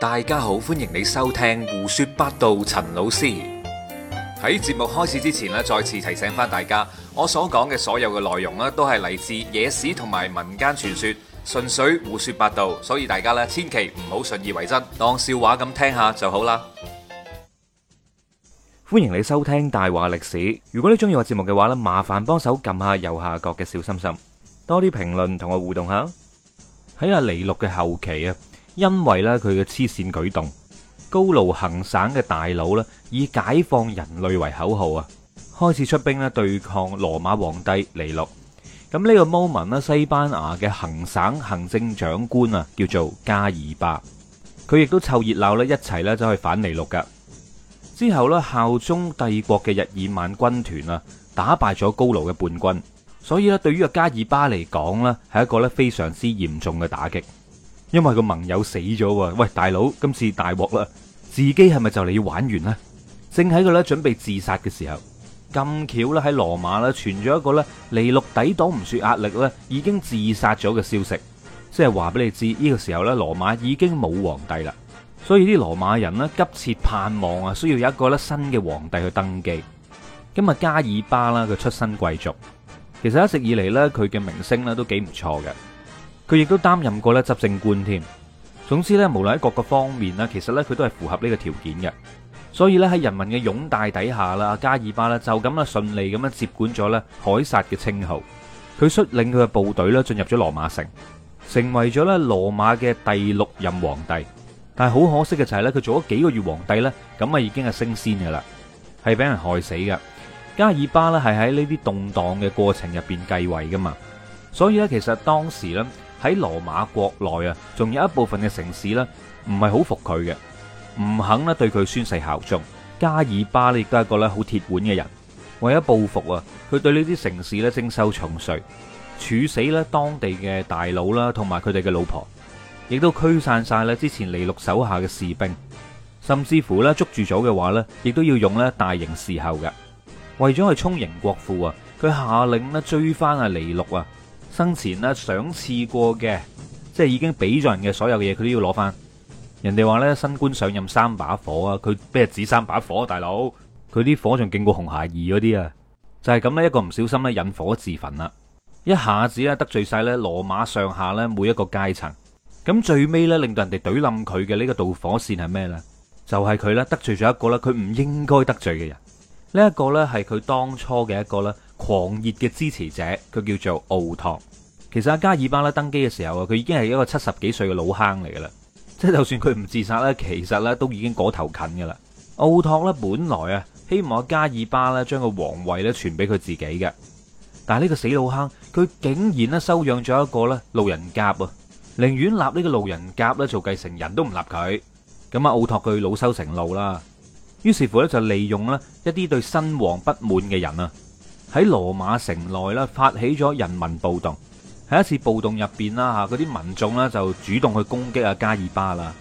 大家好，歡迎你收聽胡說八道。陳老師喺節目開始之前咧，再次提醒翻大家，我所講嘅所有嘅內容咧，都係嚟自野史同埋民間傳說，純粹胡說八道，所以大家咧千祈唔好信以為真，當笑話咁聽下就好啦。歡迎你收聽大話歷史。如果你中意我節目嘅話咧，麻煩幫手撳下右下角嘅小心心，多啲評論同我互動下。喺阿尼禄嘅後期啊。因為咧佢嘅黐線舉動，高盧行省嘅大佬咧以解放人類為口號啊，開始出兵咧對抗羅馬皇帝尼祿。咁呢個 moment 西班牙嘅行省行政長官啊，叫做加爾巴，佢亦都湊熱鬧咧，一齊咧走去反尼祿噶。之後咧效忠帝國嘅日耳曼軍團啊，打敗咗高盧嘅叛軍，所以咧對於阿加爾巴嚟講咧，係一個咧非常之嚴重嘅打擊。因為個盟友死咗喎，喂，大佬今次大鑊啦，自己係咪就嚟要玩完呢？正喺佢呢準備自殺嘅時候，咁巧咧喺羅馬呢，傳咗一個呢，尼祿抵擋唔住壓力呢已經自殺咗嘅消息，即係話俾你知呢個時候呢，羅馬已經冇皇帝啦，所以啲羅馬人呢急切盼望啊需要有一個新嘅皇帝去登基。今日加爾巴啦，佢出身貴族，其實一直以嚟呢，佢嘅名聲呢都幾唔錯嘅。佢亦都擔任過咧執政官添。總之咧，無論喺各個方面呢，其實咧佢都係符合呢個條件嘅。所以咧喺人民嘅擁戴底下啦，加爾巴呢就咁啦順利咁樣接管咗咧凱撒嘅稱號。佢率領佢嘅部隊咧進入咗羅馬城，成為咗咧羅馬嘅第六任皇帝。但係好可惜嘅就係咧，佢做咗幾個月皇帝咧，咁啊已經係升仙㗎啦，係俾人害死㗎。加爾巴咧係喺呢啲動盪嘅過程入邊繼位噶嘛。所以咧其實當時咧。喺羅馬國內啊，仲有一部分嘅城市呢，唔係好服佢嘅，唔肯咧對佢宣誓效忠。加爾巴列都係一個咧好鐵腕嘅人，為咗報復啊，佢對呢啲城市呢徵收重稅，處死呢當地嘅大佬啦，同埋佢哋嘅老婆，亦都驅散晒呢之前尼祿手下嘅士兵，甚至乎咧捉住咗嘅話呢，亦都要用呢大刑伺候嘅。為咗去充盈國庫啊，佢下令咧追翻啊尼祿啊。生前咧賞賜過嘅，即係已經俾咗人嘅所有嘅嘢，佢都要攞返。人哋話呢，新官上任三把火啊，佢咩指三把火啊，大佬佢啲火仲勁過紅孩兒嗰啲啊！就係咁呢一個唔小心咧引火自焚啦，一下子咧得罪晒呢羅馬上下呢，每一個階層。咁最尾呢，令到人哋懟冧佢嘅呢個導火線係咩呢？就係佢呢，得罪咗一個呢，佢唔應該得罪嘅人。呢一個呢，係佢當初嘅一個呢，狂熱嘅支持者，佢叫做奧托。其實阿加爾巴咧登基嘅時候啊，佢已經係一個七十幾歲嘅老坑嚟噶啦，即係就算佢唔自殺啦，其實咧都已經嗰頭近噶啦。奧托咧本來啊希望阿加爾巴咧將個皇位咧傳俾佢自己嘅，但係呢個死老坑，佢竟然咧收養咗一個咧路人甲啊，寧願立呢個路人甲咧做繼承人都唔立佢。咁啊奧托佢惱羞成怒啦，於是乎咧就利用咧一啲對新王不滿嘅人啊喺羅馬城內咧發起咗人民暴動。喺一次暴動入邊啦吓，嗰啲民眾咧就主動去攻擊阿加爾巴啦。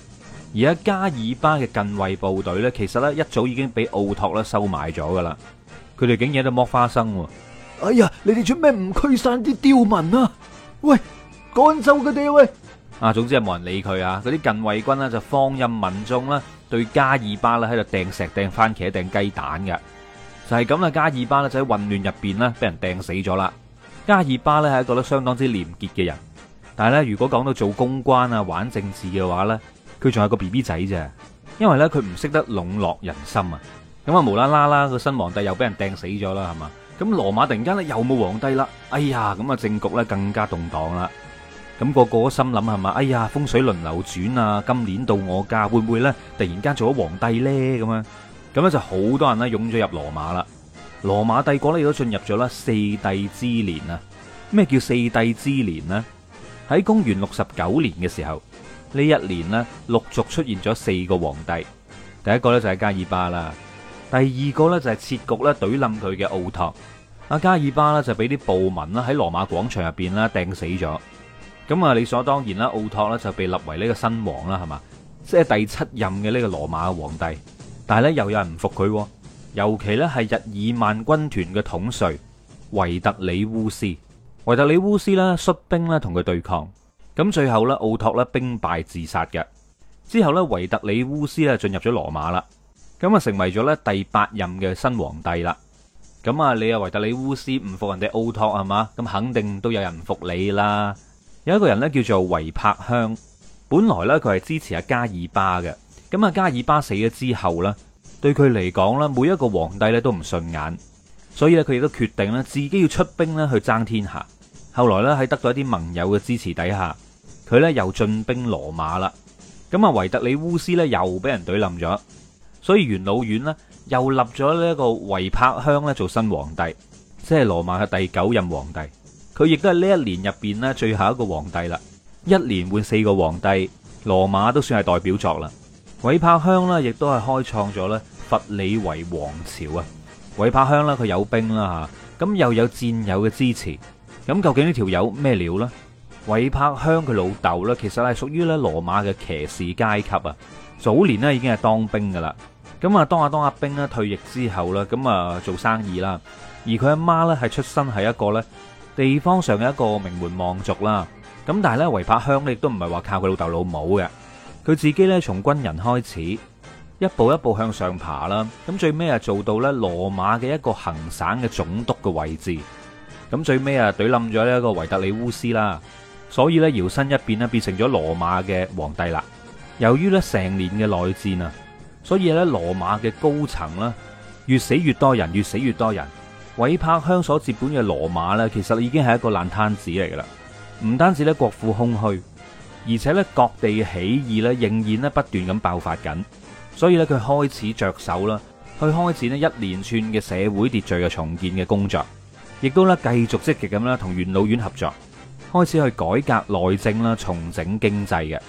而阿加爾巴嘅近衛部隊咧，其實咧一早已經俾奧托咧收買咗噶啦。佢哋竟然喺度剝花生。哎呀，你哋做咩唔驅散啲刁民啊？喂，趕走佢哋喂！啊，總之係冇人理佢啊。嗰啲近衛軍咧就放任民眾咧對加爾巴咧喺度掟石、掟番茄、掟雞蛋噶。就係咁啦，加爾巴咧就喺混亂入邊咧俾人掟死咗啦。加爾巴咧係一個咧相當之廉潔嘅人，但係咧如果講到做公關啊、玩政治嘅話咧，佢仲係個 BB 仔啫，因為咧佢唔識得籠絡人心啊，咁啊無啦啦啦個新皇帝又俾人掟死咗啦，係嘛？咁羅馬突然間咧又冇皇帝啦，哎呀咁啊政局咧更加動盪啦，咁個個心諗係嘛？哎呀風水輪流轉啊，今年到我家會唔會咧突然間做咗皇帝咧咁樣？咁咧就好多人咧湧咗入羅馬啦。羅馬帝國咧亦都進入咗啦四帝之年啊！咩叫四帝之年呢？喺公元六十九年嘅時候，呢一年呢，陸續出現咗四個皇帝。第一個呢，就係加爾巴啦，第二個呢，就係設局咧懟冧佢嘅奧托。阿加爾巴呢，就俾啲暴民啦喺羅馬廣場入邊啦掟死咗。咁啊理所當然啦，奧托呢，就被立為呢個新王啦，係嘛，即係第七任嘅呢個羅馬皇帝。但係咧又有人唔服佢。尤其咧係日耳曼軍團嘅統帥維特里烏斯，維特里烏斯啦，率兵咧同佢對抗，咁最後咧奧托咧兵敗自殺嘅，之後咧維特里烏斯咧進入咗羅馬啦，咁啊成為咗咧第八任嘅新皇帝啦，咁啊你啊維特里烏斯唔服人哋奧托係嘛，咁肯定都有人唔服你啦，有一個人咧叫做維柏香，本來咧佢係支持阿加爾巴嘅，咁啊加爾巴死咗之後咧。對佢嚟講咧，每一個皇帝咧都唔順眼，所以咧佢亦都決定咧自己要出兵咧去爭天下。後來咧喺得到一啲盟友嘅支持底下，佢咧又進兵羅馬啦。咁啊，維特里烏斯咧又俾人懟冧咗，所以元老院呢又立咗呢一個維帕鄉咧做新皇帝，即係羅馬嘅第九任皇帝。佢亦都係呢一年入邊咧最後一個皇帝啦，一年換四個皇帝，羅馬都算係代表作啦。韋柏香呢，亦都係開創咗咧佛里維王朝啊！韋柏香呢，佢有兵啦吓，咁又有戰友嘅支持，咁究竟呢條友咩料呢？韋柏香佢老豆呢，其實係屬於咧羅馬嘅騎士階級啊！早年呢已經係當兵噶啦，咁啊當下當下兵退役之後啦，咁啊做生意啦，而佢阿媽呢，係出身係一個呢地方上嘅一個名門望族啦，咁但係咧韋柏香亦都唔係話靠佢老豆老母嘅。佢自己咧從軍人開始，一步一步向上爬啦。咁最尾啊做到咧羅馬嘅一個行省嘅總督嘅位置。咁最尾啊懟冧咗呢一個維特里烏斯啦。所以咧搖身一變咧變成咗羅馬嘅皇帝啦。由於咧成年嘅內戰啊，所以咧羅馬嘅高層啦越死越多人，越死越多人。韋柏香所接管嘅羅馬咧其實已經係一個爛攤子嚟噶啦。唔單止咧國庫空虛。而且咧，各地嘅起義咧仍然咧不斷咁爆發緊，所以咧佢開始着手啦，去開展咧一連串嘅社會秩序嘅重建嘅工作，亦都咧繼續積極咁咧同元老院合作，開始去改革內政啦，重整經濟嘅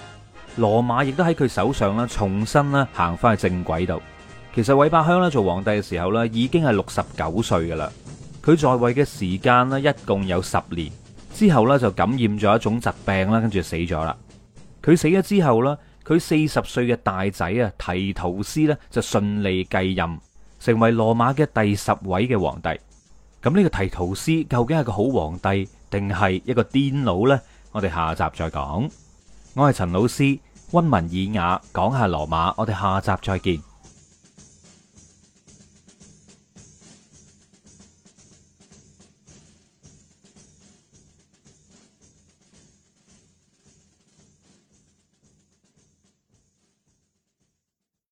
羅馬亦都喺佢手上啦，重新咧行返去正軌度。其實韋伯香咧做皇帝嘅時候咧已經係六十九歲㗎喇，佢在位嘅時間咧一共有十年，之後咧就感染咗一種疾病啦，跟住死咗啦。佢死咗之後呢，佢四十歲嘅大仔啊，提圖斯呢，就順利繼任，成為羅馬嘅第十位嘅皇帝。咁呢個提圖斯究竟係個好皇帝定係一個癲佬呢？我哋下集再講。我係陳老師，溫文爾雅，講下羅馬。我哋下集再見。